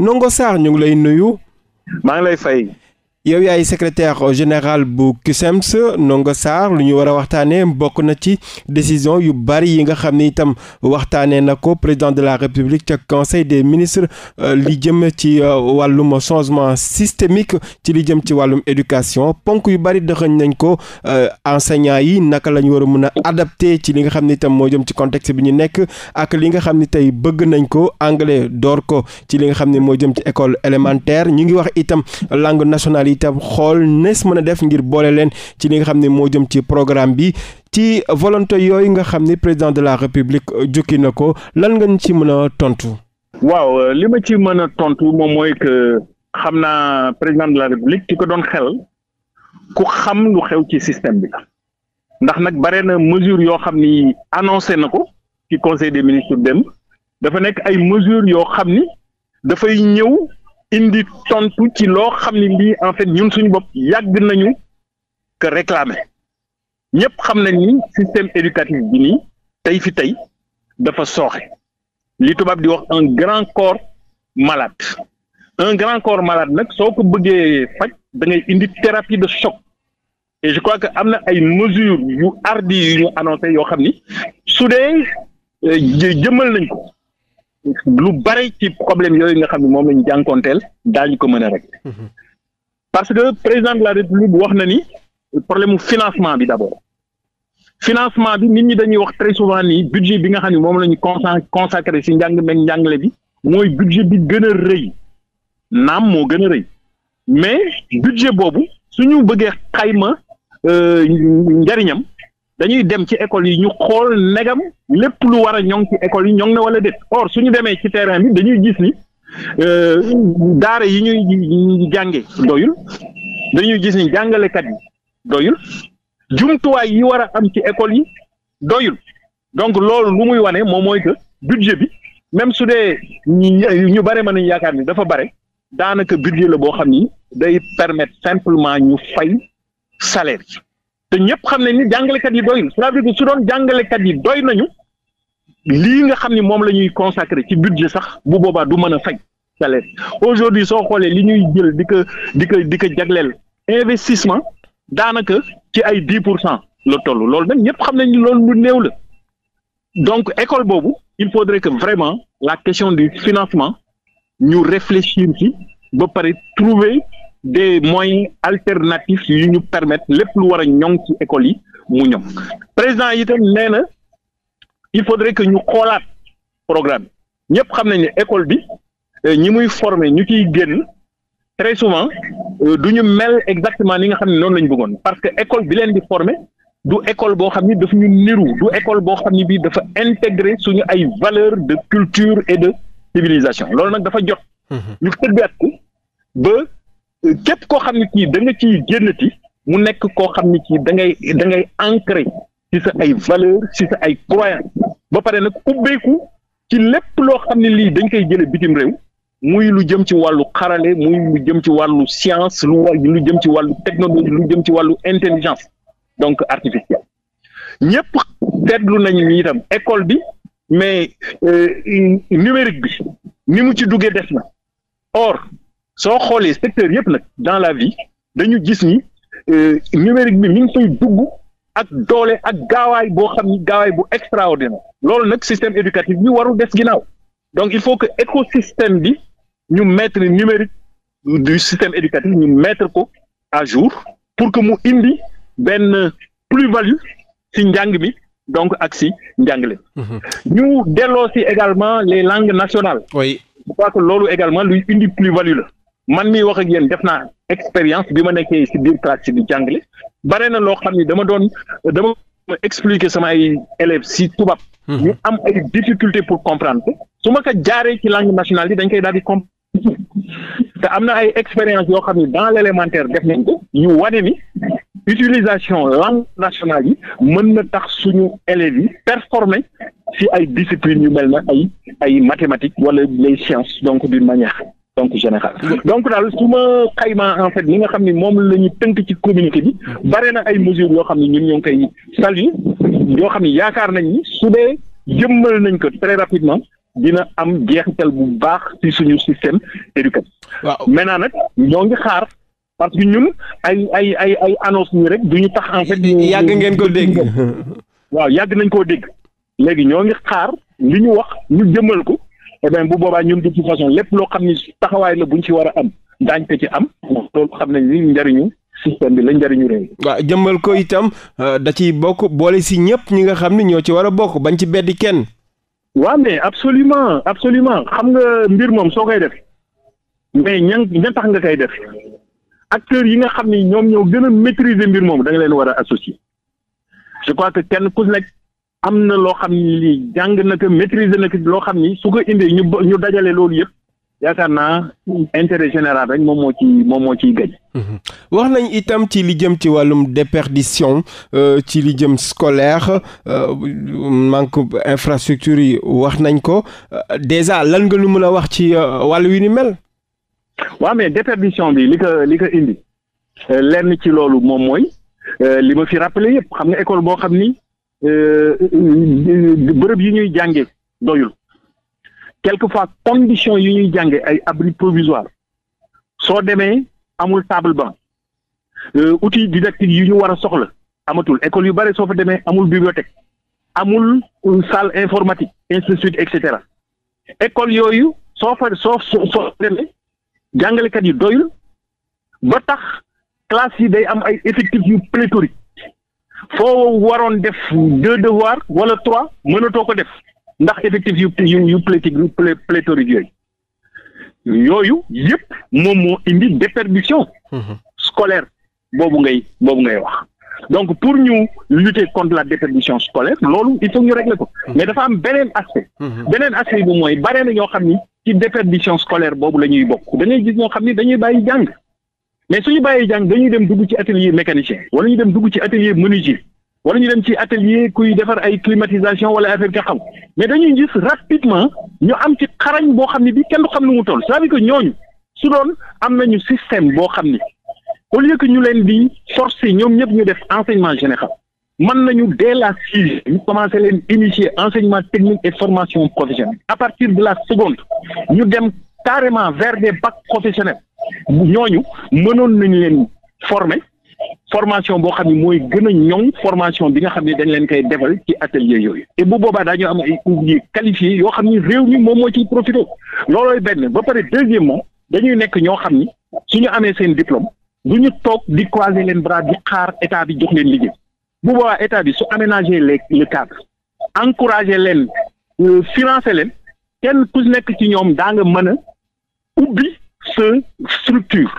Ndongo Sarr ñu ngi lay nuyu. maa ngi lay fay. yow yaay secretaire général bu CUSEMS Ndongo Sarr lu ñu war a waxtaanee bokk na ci décision yu bari yi nga xam ni itam waxtaanee na ko président de la république ca conseil des ministres euh, li jëm ci euh, wàllum changement systémique ci li jëm ci wàllum éducation ponk yu bari dëxëñ nañ ko euh, enseignants yi naka la ñu war a mën a adapté ci li nga xam ne itam moo jëm ci contexte bi ñu nekk ak li nga xam ni tey bëgg nañ ko anglais door ko ci li nga xam ne moo jëm ci école élémentaire ñu ngi wax itam langue nationale itam xool nees mën a def ngir boole leen ci li nga xam ne moo jëm ci programme bi ci volonté yooyu nga xam ni président de la république euh, jukki na ko lan nga ci mën a tontu. waaw euh, li ma ci mën a tontu moom mooy que xam naa président de la république ki ko doon xel ku xam lu xew ci système bi la ndax nag bare na mesure yoo xam ni annoncé na ko ci conseil de ministres dem dafa nekk ay mesures yoo xam ni dafay ñëw. indi tontu ci loo xam ne lii en fait ñun suñu bopp yàgg nañu que réclamer ñëpp xam nañ ni système éducatif bi nii tey fi tey dafa sooxe li tubaab di wax un grand corps malade un grand corps malade nag soo ko bëggee faj da ngay indi thérapie de choc et je crois que am na ay mesures yu hardi yu ñu yoo xam ni su dee euh, jëmal nañ ko. lu bari ci problème yooyu nga xam ne moom la ñu jànkonteel ñu ko mën a rek mhm. parce que président de la république wax na ni problème financement bi d' abord financement bi nit ñi dañuy wax très souvent nii budget bi nga xam ne moom la ñu consacré si njàng meeg njàngale bi mooy budget bi gën a rëy naam moo gën a rëy mais budget boobu su ñu bëggee xayma euh, njariñam dañuy dem ci école yi ñu xool negam lépp lu war a ñoŋ ci école yi ñoŋ na wala déet or suñu demee ci terrain bi dañuy gis ni euh, daara yi ñuy jànge doyul dañuy gis ni jàngalekat yi doyul jumtuwaay yi war a am ci école yi doyul donc loolu lu muy wane moom mooy que budget bi même su dee ñu bare mën nañu yaakaar ni dafa bare daanaka budget la boo xam ni day permettre simplement ñu fay salaire te ñëpp xam nañ ni jàngalekat yi doyul cela veut dire que su doon jàngalekat yi doy nañu lii nga xam ni moom la ñuy consacré ci budget sax bu boobaa du mën a faj salaire aujourd'hui soo xoolee li ñuy jël di ko di ko di ko jagleel investissement daanaka ci ay dix pour cent la toll loolu nag ñëpp xam nañ ni loolu lu néew la donc école boobu il faudrait que vraiment la question du financement ñu réfléchir ci ba pare trouver des moyens alternatifs yu ñu permettre lépp lu war a ñoŋ ci école yi mu ñoŋ président yi itam nee na il faudrait que ñu xoolaat programme yi ñëpp xam nañ ne école bi euh, ñi muy former ñu ciy génn très souvent euh, du ñu mel exactement ni nga xam ne noonu la bëggoon parce que école bi leen di former du école boo xam ni daf ñu niru du école boo xam ni bii dafa intégrer suñu ay valeur de culture et de civilisation loolu nag dafa jot. Mmh ñu tëggaat ko ba képp koo xam ne kii da ci ciy génnati mu nekk koo xam ne kii da ngay da ngay ancré ci sa ay valeur ci sa ay croyance ba pare nag ubbeeku ci lépp loo xam ne lii dañ koy jële bitim réew muy lu jëm ci wàllu xarale muy lu jëm ci wàllu science lu lu jëm ci wàllu technologie lu jëm ci wàllu intelligence donc artificielle ñëpp seetlu nañu ni itam école bi mais euh, numérique bi ni mu ci duggee des na or soo xoolee secteur yëpp nag dans la vie dañu gis ni euh, numérique bi mi ngi koy dugg ak doole ak gaawaay boo xam ni gaawaay bu extraordinaire loolu nag système éducatif bi warul des ginnaaw donc il faut que écosystème bi ñu mettre numérique du système éducatif ñu mettre ko à jour pour que mu indi benn plus-value ci njàng mi donc ak ci njàngale. Mhm. ñu delloo ci également les langues nationales. oui je crois que loolu également luy indi plus-value la. man mii wax ak yéen def naa expérience bi ma nekkee ci biir classe bi jàngale bare na loo xam ni dama doon dama expliquer sama ay élèves si tubaab. Hmm. ñu am ay difficulté pour comprendre su ma ko jaaree ci langue nationale bi dañ koy daal di comprendre te am na ay expérience yoo xam ni dans l'élémentaire def nañ ko ñu wane mi utilisation langue nationale yi mën na tax suñu élèves yi performer ci ay disciplines yu mel na ay ay mathématiques wala les sciences donc d'une manière. donc général donc daal su ma xaymaa en fait nga xam ni moom la ñu tënk ci communiqué bi bare na ay mesures yoo xam ni ñun ñoo ngi koy saluer yoo xam ni yaakaar nañ ni su dee jëmmal nañ ko très rapidement dina am jeexital bu baax ci suñu système éducatif. waaw maintenant nag ñoo ngi xaar parce que ñun ay ay ay ay annonce ñu rek du ñu tax en fait. yàgg ngeen ko dégg. waaw yàgg nañ koo dégg léegi ñoo ngi xaar li ñu wax ñu jëmmal ko. eh bu boobaa ñun de toute façon lépp loo xam ni taxawaay la buñ ci war a am daañ ci am loolu xam nañ ni njariñu système bi la njariñu réew waa jëmbal ko itam euh, da ci bokk boole si ñëpp ñi nga xam ne ñoo ci war a bokk bañ ci beddi kenn waaw mais absolument absolument xam nga mbir moom soo koy def mais ña ña nga koy def acteurs yi nga xam ni ñoom ñoo gën a maîtriser mbir moom da leen war a associer je crois que kenn ku am na loo xam ni jàng na ko maîtriser na ko loo xam ni su ko indee ñu ñu dajale loolu yëpp yaakaar naa intérêt général rek moom moo ci moom moo ciy gëj. Mhm. wax nañ itam ci li jëm ci wàllum déperdition euh, ci li jëm scolaire euh, manque infrastructure yi wax nañ ko euh, déjà lan nga nu mën a wax ci wàllu wi ni mel. waaw mais déperdition bi li ko li ko indi lenn ci loolu moom mooy li ma fi rappelé yëpp xam nga école boo xam ni. Euh, bërëb yi ñuy jànge doyul fois condition yu ñuy jànge ay abri provisoire soo demee amul table banc euh, outil didactique yi ñu war a soxla amatul école yu bare soo fa demee amul bibliothèque amul euh, salle informatique ainsi de et cetera école yooyu soo fa soo soo demee jàngalekat yu doyul ba tax classe yi day am ay effectifs yu pléthorique foo waroon def deux devoirs wala trois mënatoo ko def ndax effectif yu yu yu plé pléthorique yooyu yooyu yëpp moom moo indi déperdition mhm. scolaire boobu ngay boobu ngay wax donc pour ñu lutter contre la déperdition scolaire loolu il faut ñu régler ko mhm. mais dafa am beneen aspect mhm. beneen aspect bi mooy bare na ñoo xam ni ci déperdition scolaire boobu la ñuy bokk da ngay gis ñoo xam ni dañuy bàyyi jàng mais suñu bàyyi jàng dañuy dem dugg ci atelier mécanicien wala ñu dem dugg ci atelier menuisier wala ñu dem ci atelier kuy defar ay climatisation wala affaire nga xam mais dañuy gis rapidement ñu am ci xarañ boo xam ne bi kenn du xam lu mu toll c'est-à-dire que ñooñu su doon am ñu système boo xam ni au lieu ñu leen di force ñoom ñëpp ñu def enseignement général mën nañu dès la sixième ñu commencé leen initier enseignement technique et formation professionnelle à partir de la ñu dem carrément vers des bacs ñooñu mënoon nañu leen former formation boo xam ne mooy gën a ñoŋ formation bi nga xam ne dañ leen koy defal ci atelier yooyu te bu boobaa daañu am ay ouvriers qualifiés yoo xam ni réew mi moom moo ciy profité loolooy benn ba pare deuxièmement dañuy nekk ñoo xam ni su ñu amee seen diplôme du ñu toog di croiser leen bras di xaar état bi jox leen liggéey bu boobaa état bi su aménager les le cadre encourager leen euh, financer leen kenn ku nekk ci ñoom daa nga mën a sa structure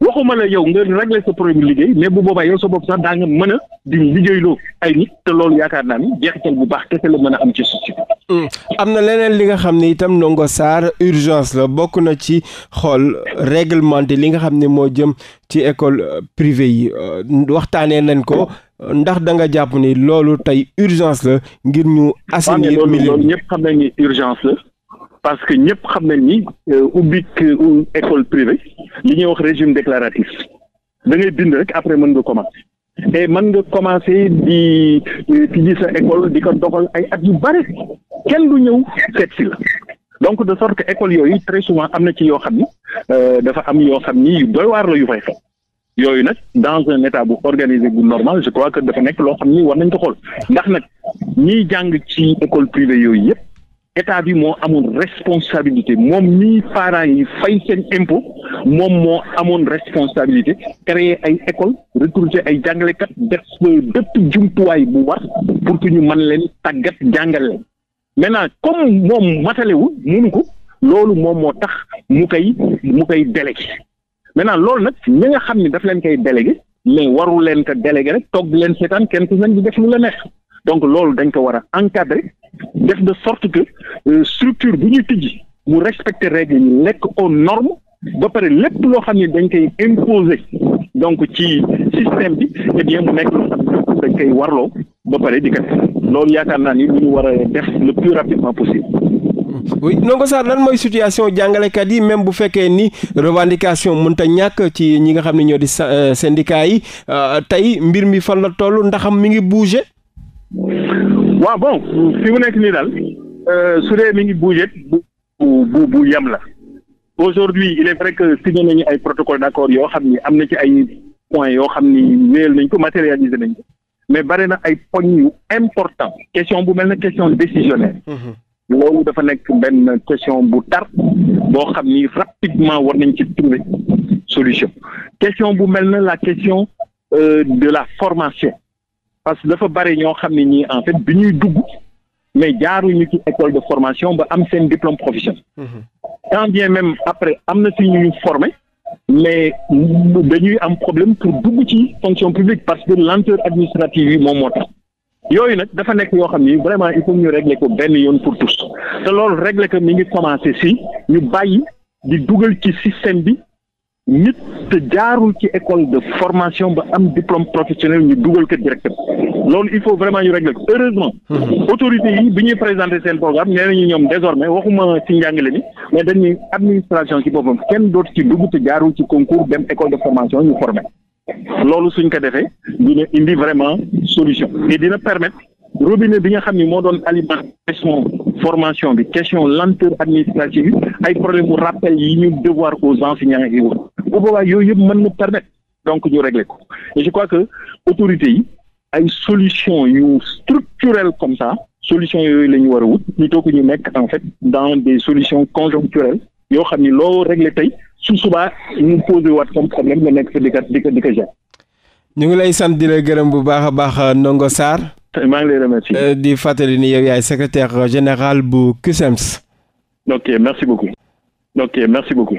waxuma la yow nga régler sa problème liggéey mais bu boobaa yow sa bopp sax daa nga mën a di liggéeyloo ay nit te loolu yaakaar naa ni jeexital bu baax kese la mën a am ci suuf hmm. am na leneen li nga xam ne itam Ndongo saar urgence la bokk na ci xool réglementé li nga xam ne moo jëm ci école privée yi euh, waxtaanee nañ ko ndax danga jàpp ni loolu tey urgence la ngir ñu assainir milieu ñëpp xam nañ ni urgence la parce que ñëpp xam nañ ni euh, ubbi école privée li ñuy wax régime déclaratif da ngay bind rek après mën nga commencer et mën nga commencer di euh, tijji sa école di ko doxal ay at yu bare kenn du ñëw seet si la donc de sorte que école yooyu très souvent am na ci yoo xam ni euh, dafa am yoo xam ni yu doy waar la yu fay xew yooyu nag dans un état bu organisé bu normal je crois que dafa nekk loo xam ni war nañ ko xool ndax nag ñiy jàng ci école privée yooyu yëpp. état bi moo amoon responsabilité moom ñii parents yi fay seen impôt moom moo amoon responsabilité créer ay école recruter ay jàngalekat def bépp jumtuwaay bu war pour que ñu man leen tàggat jàngale leen maintenant comme moom matalewul mënu ko loolu moom moo tax mu koy mu koy délégué maintenant loolu nag ñi nga xam ni daf leen koy délégué mais warul leen ko délégué rek toog leen seetaan kenn ku leen di def lu la neex donc loolu dañ ko war a encadrer def de sorte que euh, structure bu ñuy tijji mu respecter règles yi nekk on normes ba pare lépp loo xam ne dañ koy imposer donc ci système bi eh bien mu nekk loo xam koy warloo ba pare di kat loolu yaakaar naa ni lu ñu war a def le plus rapidement possible. oui Ndongo Sarr lan mooy situation jàngalekat yi même bu fekkee ni revendication mënta ñàkk ci ñi nga xam ne ñoo di sa euh, sendika yi euh, tey mbir mi fan la toll ndaxam mi ngi bouger. waaw bon fi mu nekk nii daal euh, su dee mi ngi bouger bu bu bu yem la aujourd'hui il est vrai que signé nañu ay protocole d'accord yoo xam ni am na ci ay points yoo xam ni wéyal nañ ko matérialiser nañ ko mais bari na ay poñ yu important question bu mel na question décisionnaire mhm. loolu dafa nekk benn question bu tar boo xam ni rapidement war nañ ci trouver solution question bu mel na la question euh, de la formation parce que dafa bari ñoo xam ne ñii en fait bi ñuy dugg mais jaaruñu ci école de formation ba am seen diplôme professionnel. Mhm. quand bien même après am na si ñu formé mais dañuy am problème pour dugg ci fonction publique parce que lenteur administrative yi moom moo tax. yooyu nag dafa nekk yoo xam ni vraiment il faut ñu régler ko benn yoon pour tous te loolu régler ko mi ngi commencé si ñu bàyyi di dugal ci système bi nit te jaarul ci école de formation ba am diplôme professionnel ñu dugal ko directement loolu il faut vraiment ñu régler ko heureusement. Mhm. autorités yi bi ñuy présenter seen programme nee nañu ñoom désormais waxuma ci njàngale ni mais dañuy administration ci boppam kenn dootu ci dugg te jaarul ci concours dem école de formation ñu formé loolu suñ ko defee dina indi vraiment solution et dina permettre robinet bi nga xam ni moo doon alimentation formation bi question lenteur administrative yi ay problème mu rappel yi ñu devoir aux enseignants yi woon bu boobaa yooyu yëpp mën na permettre donc ñu régler ko je crois que autorités yi ay solution yu structurelles comme ça solution yooyu la ñu war a wut plutôt ñu nekk en fait dans des solutions conjoncturelles yoo xam ni loo régler tey su subaa ñu posé waat comme problème nga nekk di ko di ko di ko gérer ñu ngi lay sant di la gërëm bu baax a baax Ndongo Sarr maa ngi lay euh, di fàttali ni yow yaay secretaire général bu CUSEMS ok merci beaucoup ok merci beaucoup